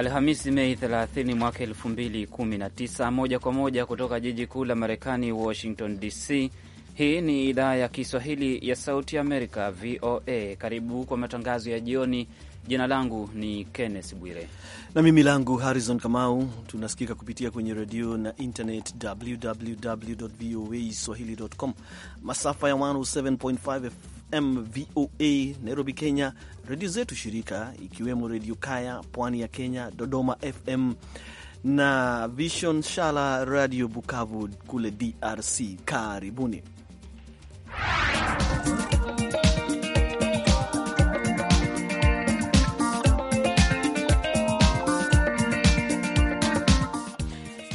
Alhamisi, Mei 30 mwaka 2019, moja kwa moja kutoka jiji kuu la Marekani, Washington DC. Hii ni idhaa ya Kiswahili ya Sauti Amerika, VOA. Karibu kwa matangazo ya jioni. Jina langu ni Kenneth Bwire na mimi langu Harrison Kamau. Tunasikika kupitia kwenye redio na internet, www voa swahili.com, masafa ya 107.5 FM VOA Nairobi, Kenya, redio zetu shirika ikiwemo Redio Kaya pwani ya Kenya, Dodoma FM na Vision Shala Radio Bukavu kule DRC. Karibuni.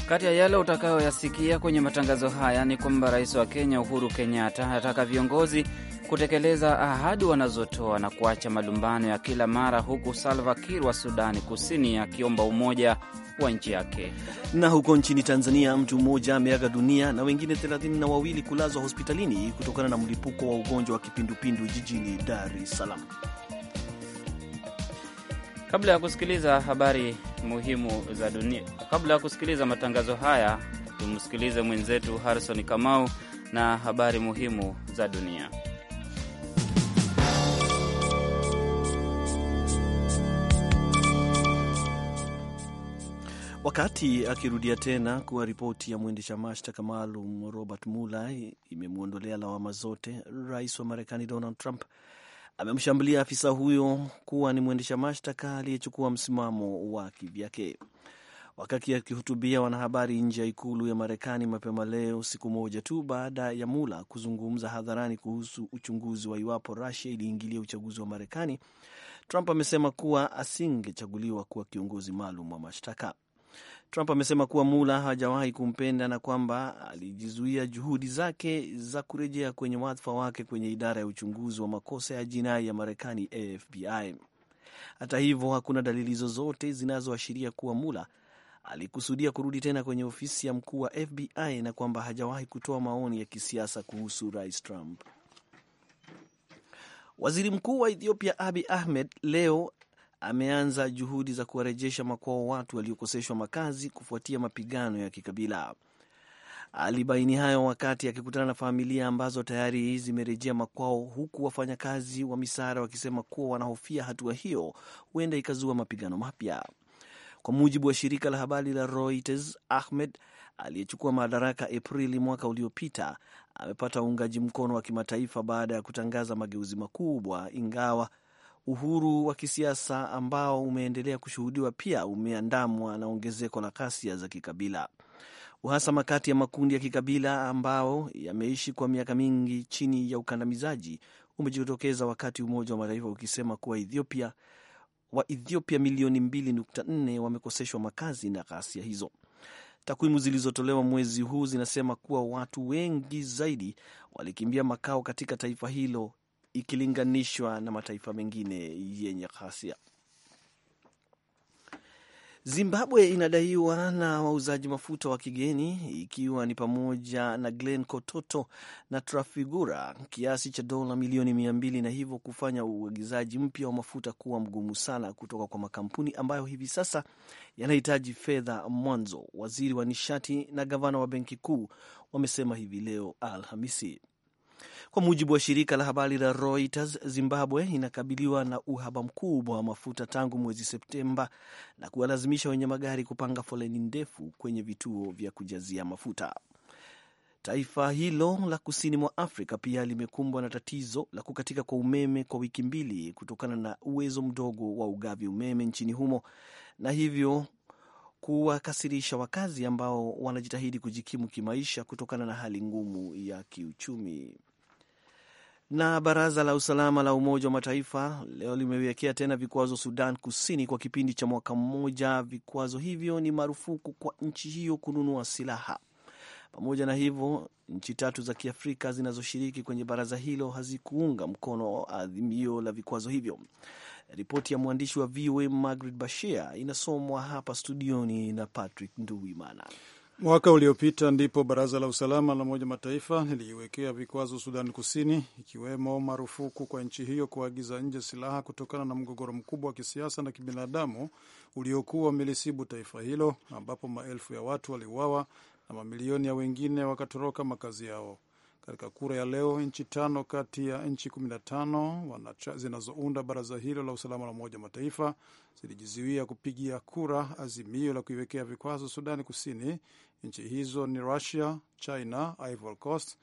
Kati ya yale utakayoyasikia kwenye matangazo haya ni kwamba rais wa Kenya Uhuru Kenyatta ataka viongozi kutekeleza ahadi wanazotoa na kuacha malumbano ya kila mara, huku Salva Kiir wa Sudani Kusini akiomba umoja wa nchi yake. Na huko nchini Tanzania, mtu mmoja ameaga dunia na wengine thelathini na wawili kulazwa hospitalini kutokana na mlipuko wa ugonjwa wa kipindupindu jijini Dar es Salaam. Kabla ya kusikiliza habari muhimu za dunia, kabla ya kusikiliza matangazo haya, tumsikilize mwenzetu Harrison Kamau na habari muhimu za dunia. Wakati akirudia tena kuwa ripoti ya mwendesha mashtaka maalum Robert Mueller imemwondolea lawama zote, rais wa Marekani Donald Trump amemshambulia afisa huyo kuwa ni mwendesha mashtaka aliyechukua msimamo wa kivyake. Wakati akihutubia wanahabari nje ya ikulu ya Marekani mapema leo, siku moja tu baada ya Mula kuzungumza hadharani kuhusu uchunguzi wa iwapo rasia iliingilia uchaguzi wa Marekani, Trump amesema kuwa asingechaguliwa kuwa kiongozi maalum wa mashtaka. Trump amesema kuwa Mula hajawahi kumpenda na kwamba alijizuia juhudi zake za kurejea kwenye wadhifa wake kwenye idara ya uchunguzi wa makosa ya jinai ya Marekani, AFBI. Hata hivyo, hakuna dalili zozote zinazoashiria kuwa Mula alikusudia kurudi tena kwenye ofisi ya mkuu wa FBI na kwamba hajawahi kutoa maoni ya kisiasa kuhusu Rais Trump. Waziri Mkuu wa Ethiopia abi Ahmed leo ameanza juhudi za kuwarejesha makwao watu waliokoseshwa makazi kufuatia mapigano ya kikabila. Alibaini hayo wakati akikutana na familia ambazo tayari zimerejea makwao, huku wafanyakazi wa misaada wakisema kuwa wanahofia hatua wa hiyo huenda ikazua mapigano mapya. Kwa mujibu wa shirika la habari la Reuters, Ahmed aliyechukua madaraka Aprili mwaka uliopita amepata uungaji mkono wa kimataifa baada ya kutangaza mageuzi makubwa, ingawa Uhuru wa kisiasa ambao umeendelea kushuhudiwa pia umeandamwa na ongezeko la ghasia za kikabila. Uhasama kati ya makundi ya kikabila ambao yameishi kwa miaka mingi chini ya ukandamizaji umejitokeza wakati Umoja wa Mataifa ukisema kuwa Ethiopia wa Ethiopia milioni 2.4 wamekoseshwa makazi na ghasia hizo. Takwimu zilizotolewa mwezi huu zinasema kuwa watu wengi zaidi walikimbia makao katika taifa hilo ikilinganishwa na mataifa mengine yenye ghasia. Zimbabwe inadaiwa na wauzaji mafuta wa kigeni ikiwa ni pamoja na Glen Kototo na Trafigura kiasi cha dola milioni mia mbili na hivyo kufanya uagizaji mpya wa mafuta kuwa mgumu sana kutoka kwa makampuni ambayo hivi sasa yanahitaji fedha mwanzo. Waziri wa nishati na gavana wa benki kuu wamesema hivi leo Alhamisi. Kwa mujibu wa shirika la habari la Reuters, Zimbabwe inakabiliwa na uhaba mkubwa wa mafuta tangu mwezi Septemba na kuwalazimisha wenye magari kupanga foleni ndefu kwenye vituo vya kujazia mafuta. Taifa hilo la kusini mwa Afrika pia limekumbwa na tatizo la kukatika kwa umeme kwa wiki mbili kutokana na uwezo mdogo wa ugavi umeme nchini humo na hivyo kuwakasirisha wakazi ambao wanajitahidi kujikimu kimaisha kutokana na hali ngumu ya kiuchumi. Na baraza la usalama la Umoja wa Mataifa leo limewekea tena vikwazo Sudan Kusini kwa kipindi cha mwaka mmoja. Vikwazo hivyo ni marufuku kwa nchi hiyo kununua silaha. Pamoja na hivyo, nchi tatu za Kiafrika zinazoshiriki kwenye baraza hilo hazikuunga mkono adhimio la vikwazo hivyo. Ripoti ya mwandishi wa VOA Margaret Bashir inasomwa hapa studioni na Patrick Nduwimana. Mwaka uliopita ndipo Baraza la Usalama la Umoja Mataifa liliiwekea vikwazo Sudani Kusini, ikiwemo marufuku kwa nchi hiyo kuagiza nje silaha kutokana na mgogoro mkubwa wa kisiasa na kibinadamu uliokuwa umelisibu taifa hilo, ambapo maelfu ya watu waliuawa na mamilioni ya wengine wakatoroka makazi yao. Katika kura ya leo, nchi tano kati ya nchi 15 zinazounda baraza hilo la usalama la Umoja Mataifa zilijizuia kupigia kura azimio la kuiwekea vikwazo Sudani Kusini. Nchi hizo ni Russia, China, Ivory Coast,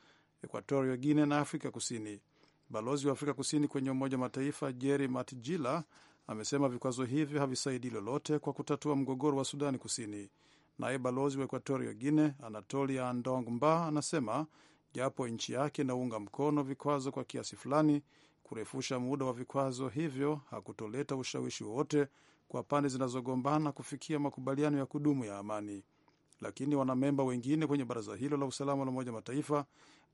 Equatorio Guine na Afrika Kusini. Balozi wa Afrika Kusini kwenye Umoja Mataifa jery Matjila amesema vikwazo hivyo havisaidii lolote kwa kutatua mgogoro wa Sudani Kusini. Naye balozi wa Equatorio Guine Anatolia Andong Mba anasema japo nchi yake inaunga mkono vikwazo kwa kiasi fulani. Kurefusha muda wa vikwazo hivyo hakutoleta ushawishi wowote kwa pande zinazogombana kufikia makubaliano ya kudumu ya amani, lakini wanamemba wengine kwenye baraza hilo la usalama la Umoja Mataifa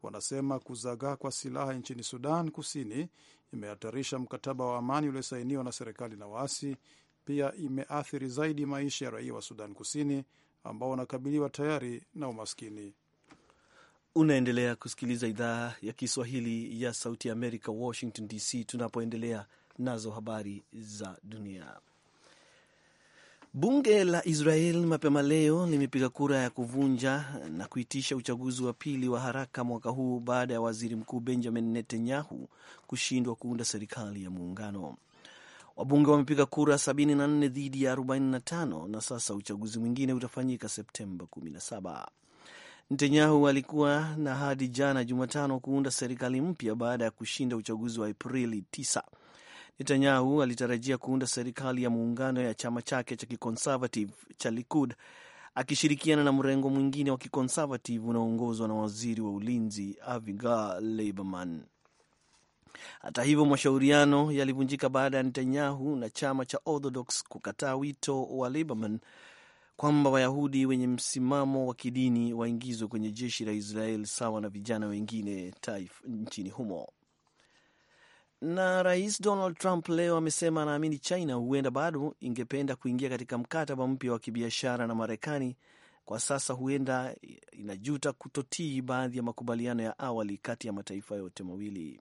wanasema kuzagaa kwa silaha nchini Sudan Kusini imehatarisha mkataba wa amani uliosainiwa na serikali na waasi. Pia imeathiri zaidi maisha ya raia wa Sudan Kusini ambao wanakabiliwa tayari na umaskini. Unaendelea kusikiliza idhaa ya Kiswahili ya Sauti ya Amerika, Washington DC, tunapoendelea nazo habari za dunia. Bunge la Israel mapema leo limepiga kura ya kuvunja na kuitisha uchaguzi wa pili wa haraka mwaka huu baada ya waziri mkuu Benjamin Netanyahu kushindwa kuunda serikali ya muungano. Wabunge wamepiga kura 74 dhidi ya 45 na sasa uchaguzi mwingine utafanyika Septemba 17. Netanyahu alikuwa na hadi jana Jumatano kuunda serikali mpya baada ya kushinda uchaguzi wa Aprili 9. Netanyahu alitarajia kuunda serikali ya muungano ya chama chake cha kiconservative cha Likud akishirikiana na mrengo mwingine wa kiconservative unaoongozwa na waziri wa ulinzi Avigal Lieberman. Hata hivyo, mashauriano yalivunjika baada ya Netanyahu na chama cha Orthodox kukataa wito wa Lieberman kwamba Wayahudi wenye msimamo wa kidini waingizwe kwenye jeshi la Israel sawa na vijana wengine taif nchini humo. Na Rais Donald Trump leo amesema anaamini China huenda bado ingependa kuingia katika mkataba mpya wa kibiashara na Marekani. Kwa sasa huenda inajuta kutotii baadhi ya makubaliano ya awali kati ya mataifa yote mawili.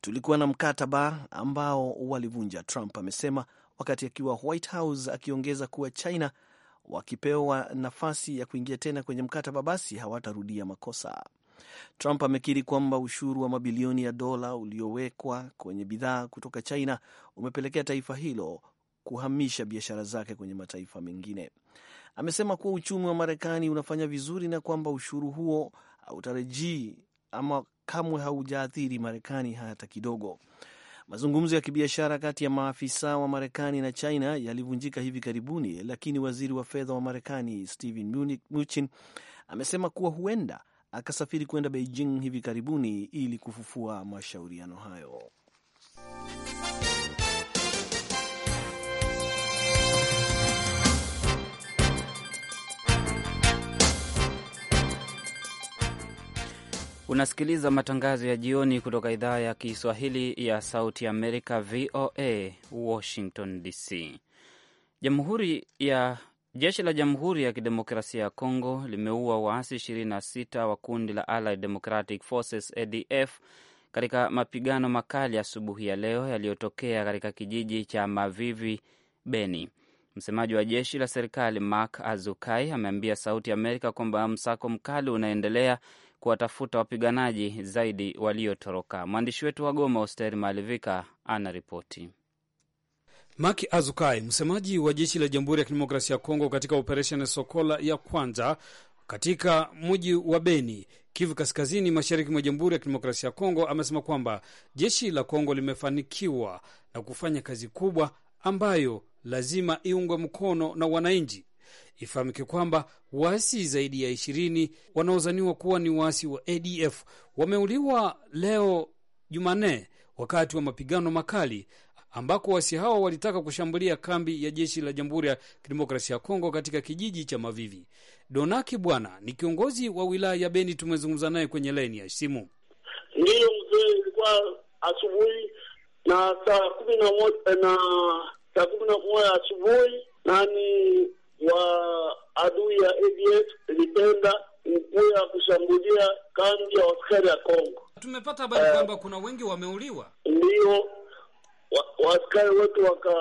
Tulikuwa na mkataba ambao walivunja, Trump amesema wakati akiwa White House, akiongeza kuwa China wakipewa nafasi ya kuingia tena kwenye mkataba, basi hawatarudia makosa. Trump amekiri kwamba ushuru wa mabilioni ya dola uliowekwa kwenye bidhaa kutoka China umepelekea taifa hilo kuhamisha biashara zake kwenye mataifa mengine. Amesema kuwa uchumi wa Marekani unafanya vizuri na kwamba ushuru huo hautarejii ama kamwe haujaathiri Marekani hata kidogo. Mazungumzo ya kibiashara kati ya maafisa wa Marekani na China yalivunjika hivi karibuni, lakini waziri wa fedha wa Marekani Steven Mnuchin amesema kuwa huenda akasafiri kwenda Beijing hivi karibuni ili kufufua mashauriano hayo. Unasikiliza matangazo ya jioni kutoka idhaa ya Kiswahili ya Sauti Amerika, VOA Washington DC. Jamhuri ya jeshi la Jamhuri ya Kidemokrasia ya Kongo limeua waasi 26 wa kundi la Allied Democratic Forces ADF katika mapigano makali asubuhi ya leo yaliyotokea katika kijiji cha Mavivi, Beni. Msemaji wa jeshi la serikali Mark Azukai ameambia Sauti Amerika kwamba msako mkali unaendelea kuwatafuta wapiganaji zaidi waliotoroka. Mwandishi wetu wa Goma, Osteri Malivika, anaripoti. Maki Azukai, msemaji wa jeshi la Jamhuri ya Kidemokrasia ya Kongo, katika operesheni Sokola ya kwanza katika mji wa Beni, Kivu Kaskazini, mashariki mwa Jamhuri ya Kidemokrasia ya Kongo, amesema kwamba jeshi la Kongo limefanikiwa na kufanya kazi kubwa ambayo lazima iungwe mkono na wananchi Ifahamike kwamba waasi zaidi ya ishirini wanaozaniwa kuwa ni waasi wa ADF wameuliwa leo Jumanne wakati wa mapigano makali ambako waasi hao walitaka kushambulia kambi ya jeshi la Jamhuri ya Kidemokrasia ya Kongo katika kijiji cha Mavivi. Donaki Bwana ni kiongozi wa wilaya ya Beni, tumezungumza naye kwenye laini ya simu. Ndiyo mzee, ilikuwa asubuhi na saa kumi na moja na saa kumi na moja asubuhi na ni wa adui ya ADF ilipenda ukuya kushambulia kambi ya askari ya Kongo. Tumepata habari uh, kwamba kuna wengi wameuliwa, ndio waskari wetu waka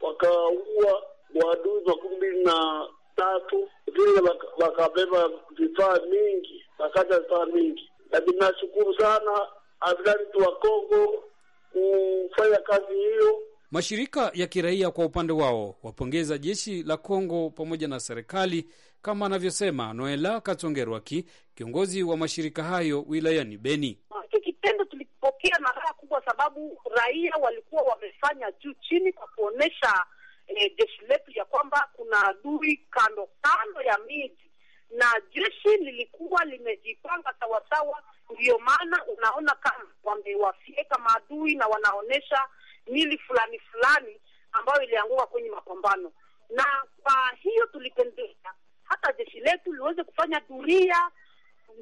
wakaua waadui makumi mbili na tatu, vile wakabeba vifaa mingi, wakata vifaa mingi, lakini nashukuru sana askari tu wa Kongo kufanya kazi hiyo Mashirika ya kiraia kwa upande wao wapongeza jeshi la Kongo pamoja na serikali, kama anavyosema Noela Katongerwaki, kiongozi wa mashirika hayo wilayani Beni. Hiki kitendo tulikipokea na raha kubwa, sababu raia walikuwa wamefanya juu chini kwa kuonyesha eh, jeshi letu ya kwamba kuna adui kando kando ya miji na jeshi lilikuwa limejipanga sawasawa, ndiyo maana unaona kama wamewafieka maadui na wanaonyesha mili fulani fulani ambayo ilianguka kwenye mapambano, na kwa hiyo tulipendeza hata jeshi letu liweze kufanya duria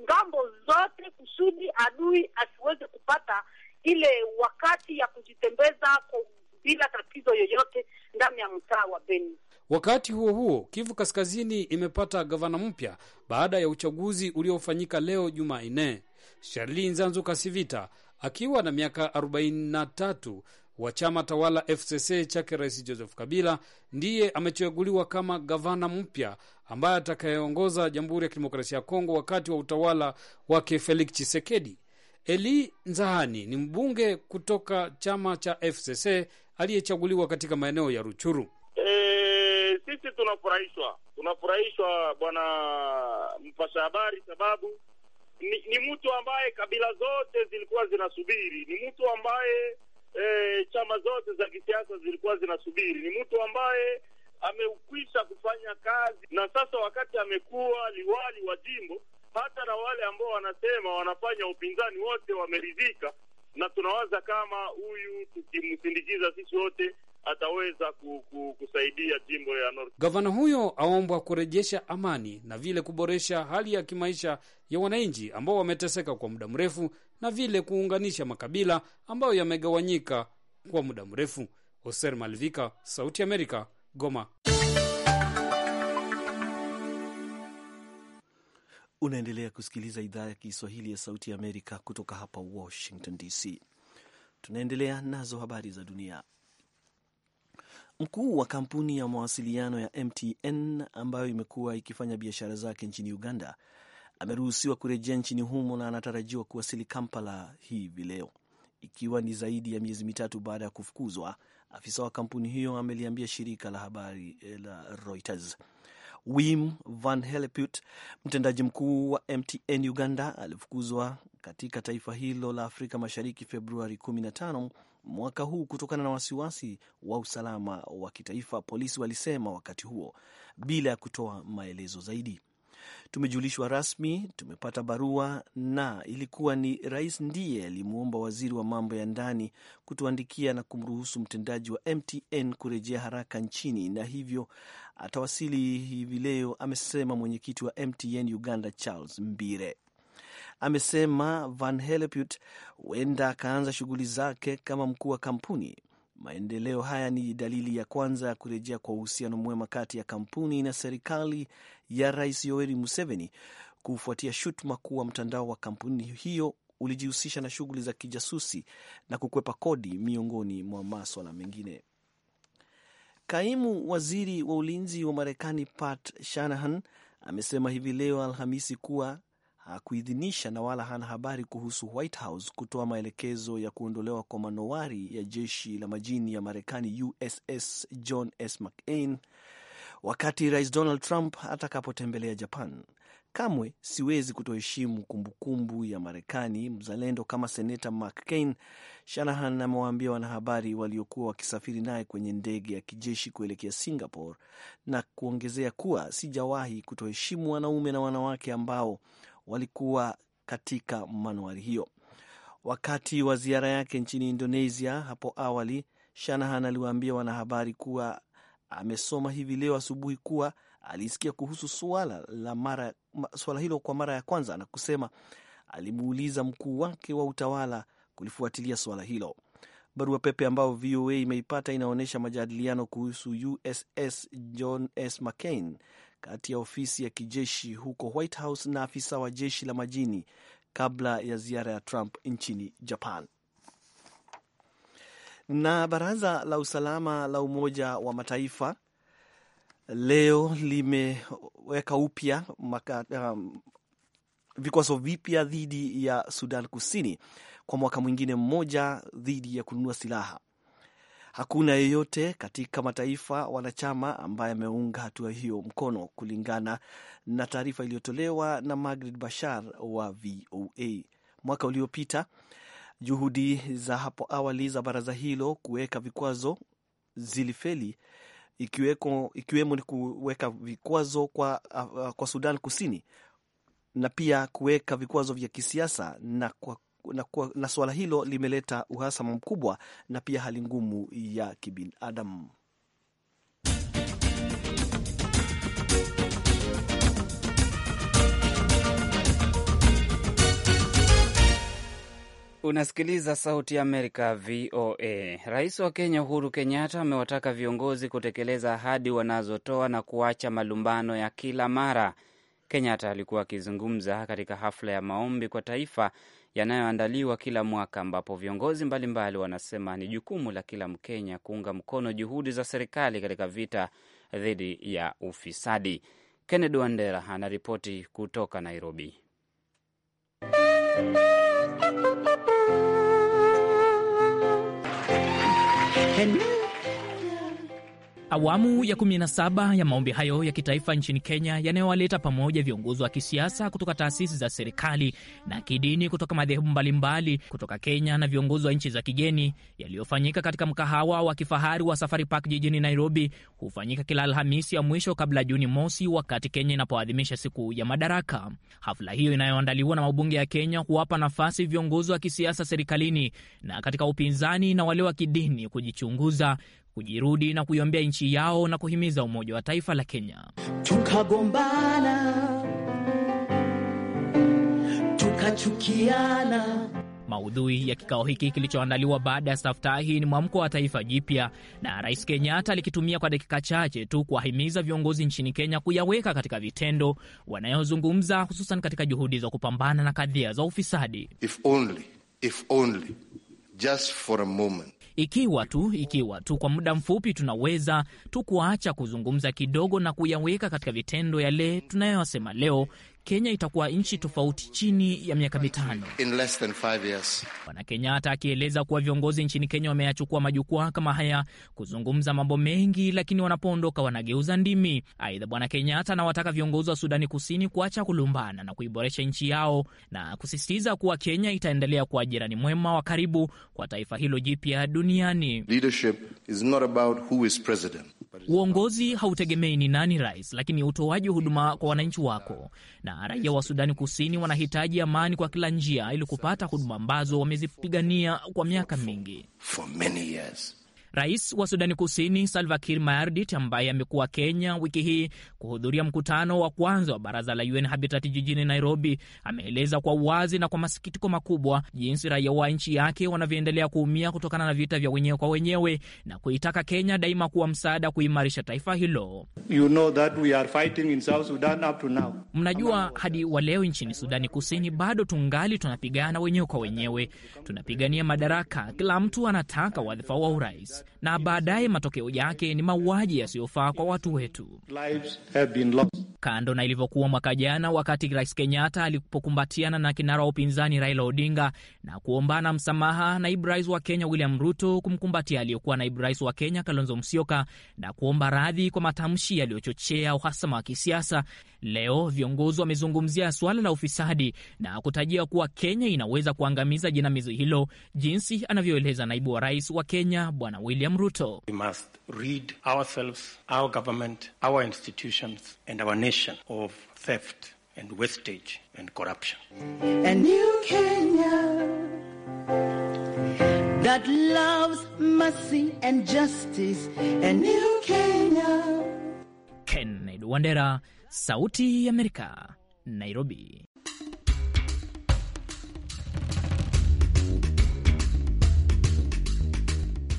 ngambo zote kusudi adui asiweze kupata ile wakati ya kujitembeza bila tatizo yoyote ndani ya mtaa wa Beni. Wakati huo huo, Kivu Kaskazini imepata gavana mpya baada ya uchaguzi uliofanyika leo Jumanne. Sharli Nzanzu Kasivita akiwa na miaka 43 wa chama tawala FCC chake Rais Joseph Kabila ndiye amechaguliwa kama gavana mpya ambaye atakayeongoza Jamhuri ya Kidemokrasia ya Kongo wakati wa utawala wake Felix chisekedi Eli Nzahani ni mbunge kutoka chama cha FCC aliyechaguliwa katika maeneo ya Ruchuru. E, sisi tunafurahishwa, tunafurahishwa bwana mpasha habari, sababu ni, ni mtu ambaye kabila zote zilikuwa zinasubiri, ni mtu ambaye e, chama zote za kisiasa zilikuwa zinasubiri. Ni mtu ambaye ameukwisha kufanya kazi, na sasa wakati amekuwa liwali wa jimbo, hata na wale ambao wanasema wanafanya upinzani wote wameridhika, na tunawaza kama huyu tukimsindikiza sisi wote ataweza kusaidia jimbo ya North. Gavana huyo aombwa kurejesha amani na vile kuboresha hali ya kimaisha ya wananchi ambao wameteseka kwa muda mrefu, na vile kuunganisha makabila ambayo yamegawanyika kwa muda mrefu. Hoser Malvika, Sauti Amerika, Goma. Unaendelea kusikiliza idhaa ya Kiswahili ya Sauti ya Amerika kutoka hapa Washington DC. Tunaendelea nazo habari za dunia. Mkuu wa kampuni ya mawasiliano ya MTN ambayo imekuwa ikifanya biashara zake nchini Uganda ameruhusiwa kurejea nchini humo na anatarajiwa kuwasili Kampala hivi leo, ikiwa ni zaidi ya miezi mitatu baada ya kufukuzwa. Afisa wa kampuni hiyo ameliambia shirika la habari eh, la Reuters. Wim Van Heleput, mtendaji mkuu wa MTN Uganda, alifukuzwa katika taifa hilo la Afrika Mashariki Februari 15 mwaka huu kutokana na wasiwasi wa usalama wa kitaifa, polisi walisema wakati huo, bila ya kutoa maelezo zaidi. Tumejulishwa rasmi, tumepata barua na ilikuwa ni rais ndiye alimwomba waziri wa mambo ya ndani kutuandikia na kumruhusu mtendaji wa MTN kurejea haraka nchini na hivyo atawasili hivi leo, amesema mwenyekiti wa MTN Uganda Charles Mbire. Amesema Van Helleput huenda akaanza shughuli zake kama mkuu wa kampuni. Maendeleo haya ni dalili ya kwanza ya kurejea kwa uhusiano mwema kati ya kampuni na serikali ya Rais Yoweri Museveni kufuatia shutuma kuwa mtandao wa kampuni hiyo ulijihusisha na shughuli za kijasusi na kukwepa kodi miongoni mwa maswala mengine. Kaimu waziri wa ulinzi wa Marekani Pat Shanahan amesema hivi leo Alhamisi kuwa hakuidhinisha na wala hana habari kuhusu White House kutoa maelekezo ya kuondolewa kwa manowari ya jeshi la majini ya Marekani USS John S. McCain wakati Rais Donald Trump atakapotembelea Japan. Kamwe siwezi kutoheshimu kumbukumbu ya Marekani mzalendo kama Seneta Mark Shanahan amewaambia wanahabari waliokuwa wakisafiri naye kwenye ndege ya kijeshi kuelekea Singapore, na kuongezea kuwa sijawahi kutoheshimu wanaume na wanawake ambao walikuwa katika manuari hiyo. Wakati wa ziara yake nchini Indonesia hapo awali, Shanahan aliwaambia wanahabari kuwa amesoma hivi leo asubuhi kuwa alisikia kuhusu swala la mara, swala hilo kwa mara ya kwanza na kusema alimuuliza mkuu wake wa utawala kulifuatilia swala hilo. Barua pepe ambayo VOA imeipata inaonyesha majadiliano kuhusu USS John S. McCain kati ya ofisi ya kijeshi huko White House na afisa wa jeshi la majini kabla ya ziara ya Trump nchini Japan. Na baraza la usalama la Umoja wa Mataifa leo limeweka upya um, vikwazo vipya dhidi ya Sudan Kusini kwa mwaka mwingine mmoja dhidi ya kununua silaha. Hakuna yeyote katika mataifa wanachama ambaye ameunga hatua hiyo mkono, kulingana na taarifa iliyotolewa na Margaret Bashar wa VOA. Mwaka uliopita Juhudi za hapo awali za baraza hilo kuweka vikwazo zilifeli ikiweko, ikiwemo ni kuweka vikwazo kwa, uh, kwa Sudan Kusini na pia kuweka vikwazo vya kisiasa na, kwa, na, kwa, na suala hilo limeleta uhasama mkubwa na pia hali ngumu ya kibinadamu. Unasikiliza Sauti ya Amerika, VOA. Rais wa Kenya Uhuru Kenyatta amewataka viongozi kutekeleza ahadi wanazotoa na kuacha malumbano ya kila mara. Kenyatta alikuwa akizungumza katika hafla ya maombi kwa taifa yanayoandaliwa kila mwaka, ambapo viongozi mbalimbali mbali wanasema ni jukumu la kila Mkenya kuunga mkono juhudi za serikali katika vita dhidi ya ufisadi. Kennedy Wandera anaripoti kutoka Nairobi. And Awamu ya 17 ya maombi hayo ya kitaifa nchini Kenya yanayowaleta pamoja viongozi wa kisiasa kutoka taasisi za serikali na kidini kutoka madhehebu mbalimbali kutoka Kenya na viongozi wa nchi za kigeni yaliyofanyika katika mkahawa wa kifahari wa Safari Park jijini Nairobi hufanyika kila Alhamisi ya mwisho kabla Juni mosi, wakati Kenya inapoadhimisha siku ya madaraka. Hafla hiyo inayoandaliwa na mabunge ya Kenya huwapa nafasi viongozi wa kisiasa serikalini na katika upinzani na wale wa kidini kujichunguza kujirudi na kuiombea nchi yao na kuhimiza umoja wa taifa la Kenya. Tukagombana, tukachukiana. Maudhui ya kikao hiki kilichoandaliwa baada ya staftahi ni mwamko wa taifa jipya, na Rais Kenyatta alikitumia kwa dakika chache tu kuwahimiza viongozi nchini Kenya kuyaweka katika vitendo wanayozungumza, hususan katika juhudi za kupambana na kadhia za ufisadi. If only, if only, just for a moment ikiwa tu ikiwa tu kwa muda mfupi tunaweza tu kuacha kuzungumza kidogo na kuyaweka katika vitendo yale tunayoyasema leo, Kenya itakuwa nchi tofauti chini ya miaka mitano. Bwana Kenyatta akieleza kuwa viongozi nchini Kenya wameyachukua majukwaa kama haya kuzungumza mambo mengi, lakini wanapoondoka wanageuza ndimi. Aidha, Bwana Kenyatta anawataka viongozi wa Sudani Kusini kuacha kulumbana na kuiboresha nchi yao na kusisitiza kuwa Kenya itaendelea kuwa jirani mwema wa karibu kwa taifa hilo jipya duniani. Uongozi hautegemei ni nani rais, lakini utoaji huduma kwa wananchi wako na na raia wa Sudani Kusini wanahitaji amani kwa kila njia ili kupata huduma ambazo wamezipigania kwa miaka mingi. For many years. Rais wa Sudani Kusini Salva Kiir Mayardit, ambaye amekuwa Kenya wiki hii kuhudhuria mkutano wa kwanza wa baraza la UN Habitat jijini Nairobi, ameeleza kwa uwazi na kwa masikitiko makubwa jinsi raia wa nchi yake wanavyoendelea kuumia kutokana na vita vya wenyewe kwa wenyewe na kuitaka Kenya daima kuwa msaada kuimarisha taifa hilo. You know that we are fighting in South Sudan up to now. Mnajua hadi wa leo nchini Sudani Kusini bado tungali tunapigana wenyewe kwa wenyewe, tunapigania madaraka. Kila mtu anataka wadhifa wa urais na baadaye matokeo yake ni mauaji yasiyofaa kwa watu wetu. Kando na ilivyokuwa mwaka jana, wakati Rais Kenyatta alipokumbatiana na kinara wa upinzani Raila Odinga na kuombana msamaha, naibu rais wa Kenya William Ruto kumkumbatia aliyekuwa naibu rais wa Kenya Kalonzo Musyoka na kuomba radhi kwa matamshi yaliyochochea uhasama wa kisiasa. Leo viongozi wamezungumzia suala la ufisadi na kutajia kuwa Kenya inaweza kuangamiza jinamizi hilo, jinsi anavyoeleza naibu wa rais wa Kenya Bwana William Ruto. We must rid ourselves, our government, our institutions and our nation of theft and wastage and corruption. And you Kenya that loves mercy and justice and new Kenya. Kennedy Wandera, Sauti ya Amerika, Nairobi.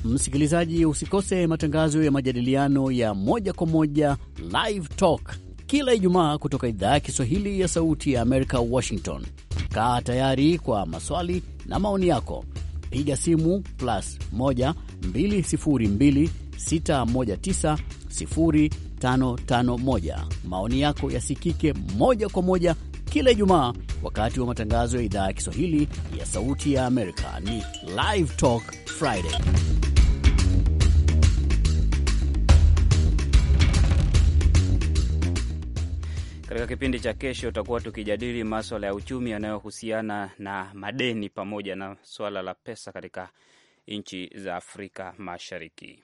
Msikilizaji, usikose matangazo ya majadiliano ya moja kwa moja Live Talk kila Ijumaa kutoka idhaa ya Kiswahili ya Sauti ya Amerika, Washington. Kaa tayari kwa maswali na maoni yako, piga simu plus 122619551 Maoni yako yasikike moja kwa moja kila Ijumaa wakati wa matangazo ya idhaa ya Kiswahili ya Sauti ya Amerika. Ni Live Talk Friday. Katika kipindi cha kesho, tutakuwa tukijadili maswala ya uchumi yanayohusiana na madeni pamoja na swala la pesa katika nchi za Afrika Mashariki.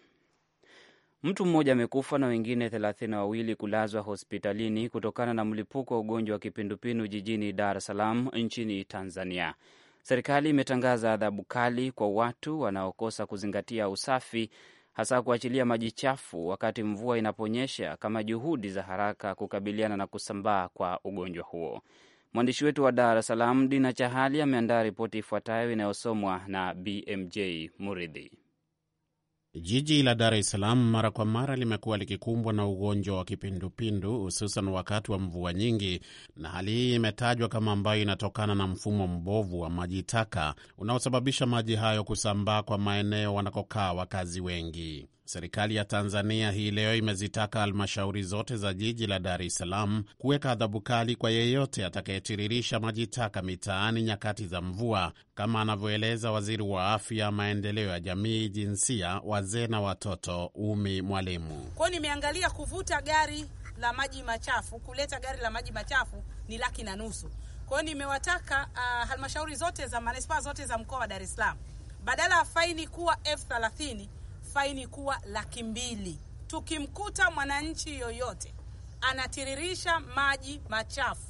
Mtu mmoja amekufa na wengine thelathini na wawili kulazwa hospitalini kutokana na mlipuko wa ugonjwa wa kipindupindu jijini Dar es Salaam nchini Tanzania. Serikali imetangaza adhabu kali kwa watu wanaokosa kuzingatia usafi hasa kuachilia maji chafu wakati mvua inaponyesha kama juhudi za haraka kukabiliana na kusambaa kwa ugonjwa huo. Mwandishi wetu wa Dar es Salaam, Dina Chahali, ameandaa ripoti ifuatayo inayosomwa na BMJ Muridhi. Jiji la Dar es Salaam mara kwa mara limekuwa likikumbwa na ugonjwa wa kipindupindu, hususan wakati wa mvua nyingi, na hali hii imetajwa kama ambayo inatokana na mfumo mbovu wa maji taka unaosababisha maji hayo kusambaa kwa maeneo wanakokaa wakazi wengi. Serikali ya Tanzania hii leo imezitaka halmashauri zote za jiji la Dar es Salaam kuweka adhabu kali kwa yeyote atakayetiririsha maji taka mitaani nyakati za mvua, kama anavyoeleza waziri wa afya, maendeleo ya jamii, jinsia, wazee na watoto, Umi Mwalimu. kwao nimeangalia kuvuta gari la maji machafu, kuleta gari la maji machafu ni laki na nusu. Kwayo nimewataka uh, halmashauri zote za manispaa zote za mkoa wa Dar es Salaam, badala ya faini kuwa elfu thelathini faini kuwa laki mbili. Tukimkuta mwananchi yoyote anatiririsha maji machafu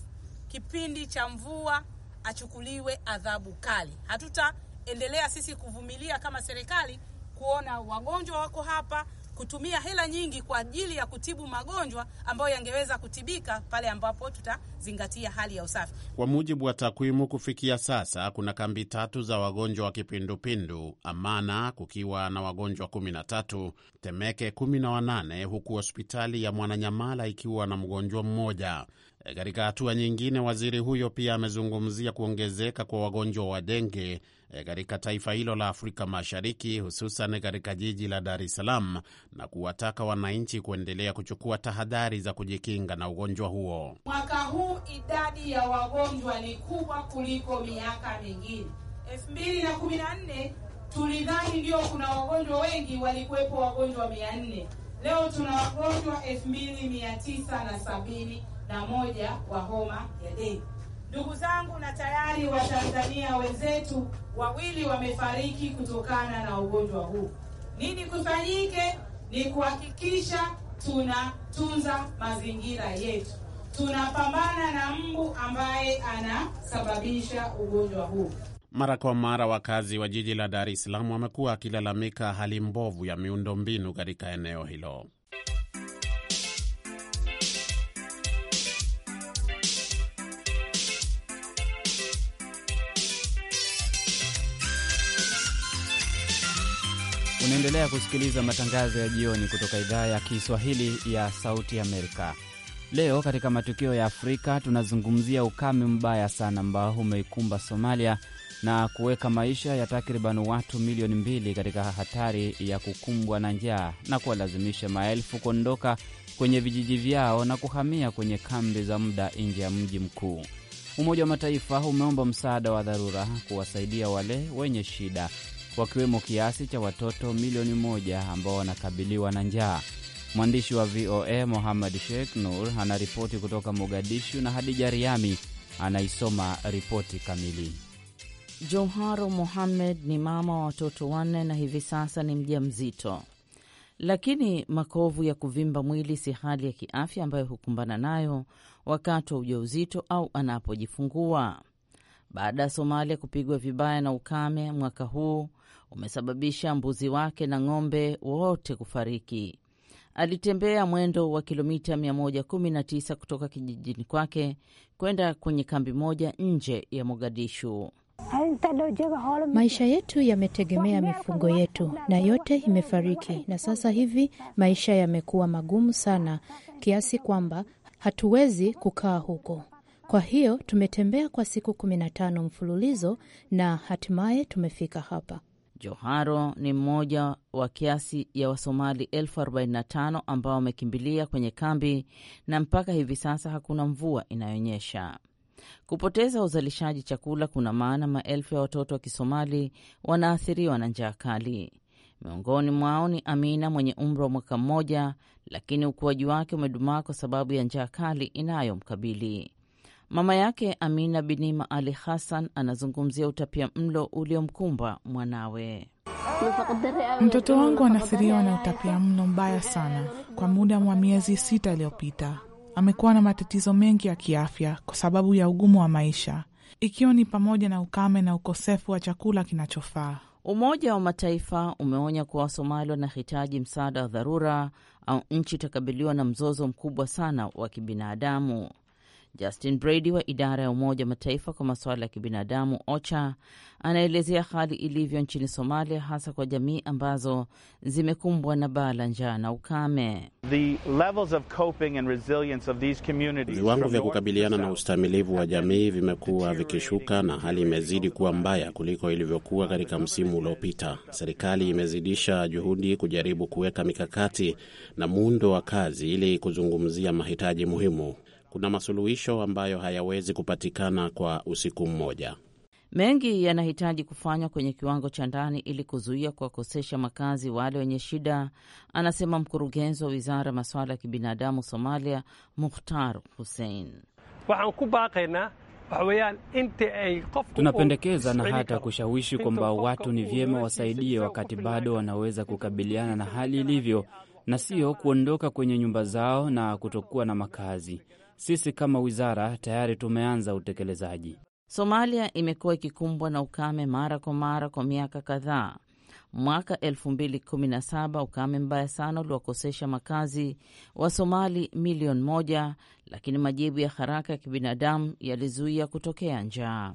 kipindi cha mvua, achukuliwe adhabu kali. Hatutaendelea sisi kuvumilia kama serikali kuona wagonjwa wako hapa kutumia hela nyingi kwa ajili ya kutibu magonjwa ambayo yangeweza kutibika pale ambapo tutazingatia hali ya usafi. Kwa mujibu wa takwimu, kufikia sasa kuna kambi tatu za wagonjwa wa kipindupindu, Amana kukiwa na wagonjwa 13, Temeke 18, huku hospitali ya Mwananyamala ikiwa na mgonjwa mmoja. Katika hatua nyingine, waziri huyo pia amezungumzia kuongezeka kwa wagonjwa wa denge e, katika taifa hilo la Afrika Mashariki, hususan katika jiji la Dar es Salaam, na kuwataka wananchi kuendelea kuchukua tahadhari za kujikinga na ugonjwa huo. Mwaka huu idadi ya wagonjwa ni kubwa kuliko miaka mingine. elfu mbili na kumi na nne tulidhani ndio kuna wagonjwa wengi, walikuwepo wagonjwa mia nne. Leo tuna wagonjwa elfu mbili mia tisa na sabini na moja wa homa ya dengue. Ndugu zangu, na tayari Watanzania wenzetu wawili wamefariki kutokana na ugonjwa huu. Nini kufanyike? Ni kuhakikisha tunatunza mazingira yetu, tunapambana na mbu ambaye anasababisha ugonjwa huu. Mara kwa mara wakazi wa jiji la Dar es Salaam wamekuwa wakilalamika hali mbovu ya miundombinu katika eneo hilo. Unaendelea kusikiliza matangazo ya jioni kutoka idhaa ya Kiswahili ya Sauti Amerika. Leo katika matukio ya Afrika tunazungumzia ukame mbaya sana ambao umeikumba Somalia na kuweka maisha ya takriban watu milioni mbili katika hatari ya kukumbwa na njaa na kuwalazimisha maelfu kuondoka kwenye vijiji vyao na kuhamia kwenye kambi za muda nje ya mji mkuu. Umoja wa Mataifa umeomba msaada wa dharura kuwasaidia wale wenye shida wakiwemo kiasi cha watoto milioni moja ambao wanakabiliwa na njaa. Mwandishi wa VOA mohamad Sheikh Nur anaripoti kutoka Mogadishu na Hadija Riami anaisoma ripoti kamili. Joharo mohamed ni mama wa watoto wanne na hivi sasa ni mja mzito, lakini makovu ya kuvimba mwili si hali ya kiafya ambayo hukumbana nayo wakati wa ujauzito au anapojifungua. Baada ya Somalia kupigwa vibaya na ukame mwaka huu, umesababisha mbuzi wake na ng'ombe wote kufariki. Alitembea mwendo wa kilomita 119 kutoka kijijini kwake kwenda kwenye kambi moja nje ya Mogadishu. Maisha yetu yametegemea mifugo yetu na yote imefariki, na sasa hivi maisha yamekuwa magumu sana kiasi kwamba hatuwezi kukaa huko. Kwa hiyo tumetembea kwa siku 15 mfululizo na hatimaye tumefika hapa. Joharo ni mmoja wa kiasi ya Wasomali elfu 45 ambao wamekimbilia kwenye kambi na mpaka hivi sasa hakuna mvua inayonyesha. Kupoteza uzalishaji chakula kuna maana maelfu ya watoto wa Kisomali wanaathiriwa na njaa kali. Miongoni mwao ni Amina mwenye umri wa mwaka mmoja, lakini ukuaji wake umedumaa kwa sababu ya njaa kali inayomkabili. Mama yake Amina Binima Ali Hassan anazungumzia utapia mlo uliomkumba mwanawe. Mtoto wangu anaathiriwa na utapia mlo mbaya sana. Kwa muda wa miezi sita iliyopita, amekuwa na matatizo mengi ya kiafya kwa sababu ya ugumu wa maisha, ikiwa ni pamoja na ukame na ukosefu wa chakula kinachofaa. Umoja wa Mataifa umeonya kuwa Wasomali wanahitaji msaada wa dharura au nchi itakabiliwa na mzozo mkubwa sana wa kibinadamu. Justin Brady wa idara ya Umoja wa Mataifa kwa masuala ya kibinadamu OCHA anaelezea hali ilivyo nchini Somalia, hasa kwa jamii ambazo zimekumbwa na baa la njaa na ukame. Viwango vya kukabiliana na ustamilivu wa jamii vimekuwa vikishuka na hali imezidi kuwa mbaya kuliko ilivyokuwa katika msimu uliopita. Serikali imezidisha juhudi kujaribu kuweka mikakati na muundo wa kazi ili kuzungumzia mahitaji muhimu kuna masuluhisho ambayo hayawezi kupatikana kwa usiku mmoja. Mengi yanahitaji kufanywa kwenye kiwango cha ndani ili kuzuia kuwakosesha makazi wale wenye shida, anasema mkurugenzi wa wizara ya masuala ya kibinadamu Somalia, Mukhtar Hussein. waxaan ku baaqaynaa Tunapendekeza na hata kushawishi kwamba watu ni vyema wasaidie wakati bado wanaweza kukabiliana na hali ilivyo, na sio kuondoka kwenye nyumba zao na kutokuwa na makazi. Sisi kama wizara tayari tumeanza utekelezaji. Somalia imekuwa ikikumbwa na ukame mara kwa mara kwa miaka kadhaa. Mwaka 2017 ukame mbaya sana uliwakosesha makazi wa Somali milioni moja, lakini majibu ya haraka ya kibinadamu yalizuia kutokea njaa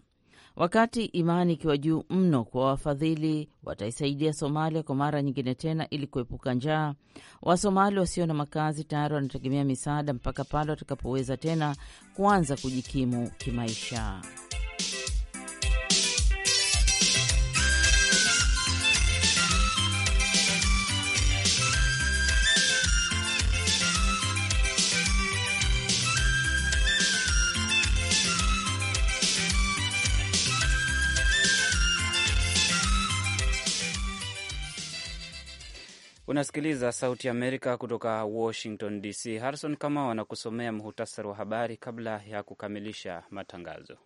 wakati imani ikiwa juu mno kwa wafadhili wataisaidia Somalia kwa mara nyingine tena ili kuepuka njaa. Wasomali wasio na makazi tayari wanategemea misaada mpaka pale watakapoweza tena kuanza kujikimu kimaisha. Unasikiliza Sauti Amerika kutoka Washington DC. Harrison Kamau anakusomea muhutasari wa habari kabla ya kukamilisha matangazo.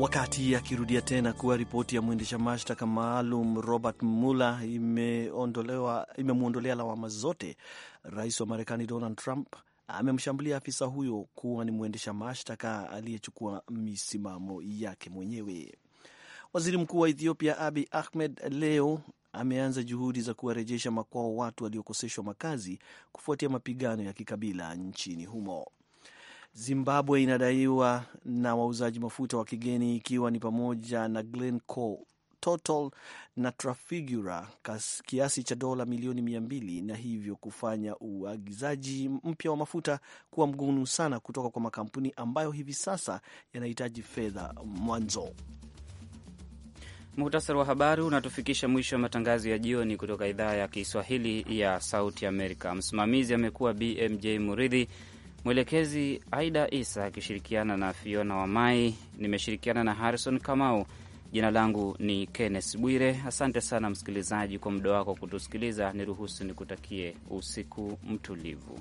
Wakati akirudia tena kuwa ripoti ya mwendesha mashtaka maalum Robert Mueller imemwondolea lawama zote, rais wa Marekani Donald Trump amemshambulia afisa huyo kuwa ni mwendesha mashtaka aliyechukua misimamo yake mwenyewe. Waziri mkuu wa Ethiopia Abiy Ahmed leo ameanza juhudi za kuwarejesha makwao watu waliokoseshwa makazi kufuatia mapigano ya kikabila nchini humo. Zimbabwe inadaiwa na wauzaji mafuta wa kigeni ikiwa ni pamoja na Glencore, Total na Trafigura kiasi cha dola milioni mia mbili na hivyo kufanya uagizaji mpya wa mafuta kuwa mgumu sana kutoka kwa makampuni ambayo hivi sasa yanahitaji fedha mwanzo. Muhtasari wa habari unatufikisha mwisho wa matangazo ya jioni kutoka idhaa ya Kiswahili ya Sauti Amerika. Msimamizi amekuwa BMJ Muridhi. Mwelekezi Aida Isa akishirikiana na Fiona Wamai. Nimeshirikiana na Harrison Kamau. Jina langu ni Kenneth Bwire. Asante sana msikilizaji kwa muda wako kutusikiliza. Niruhusu nikutakie usiku mtulivu.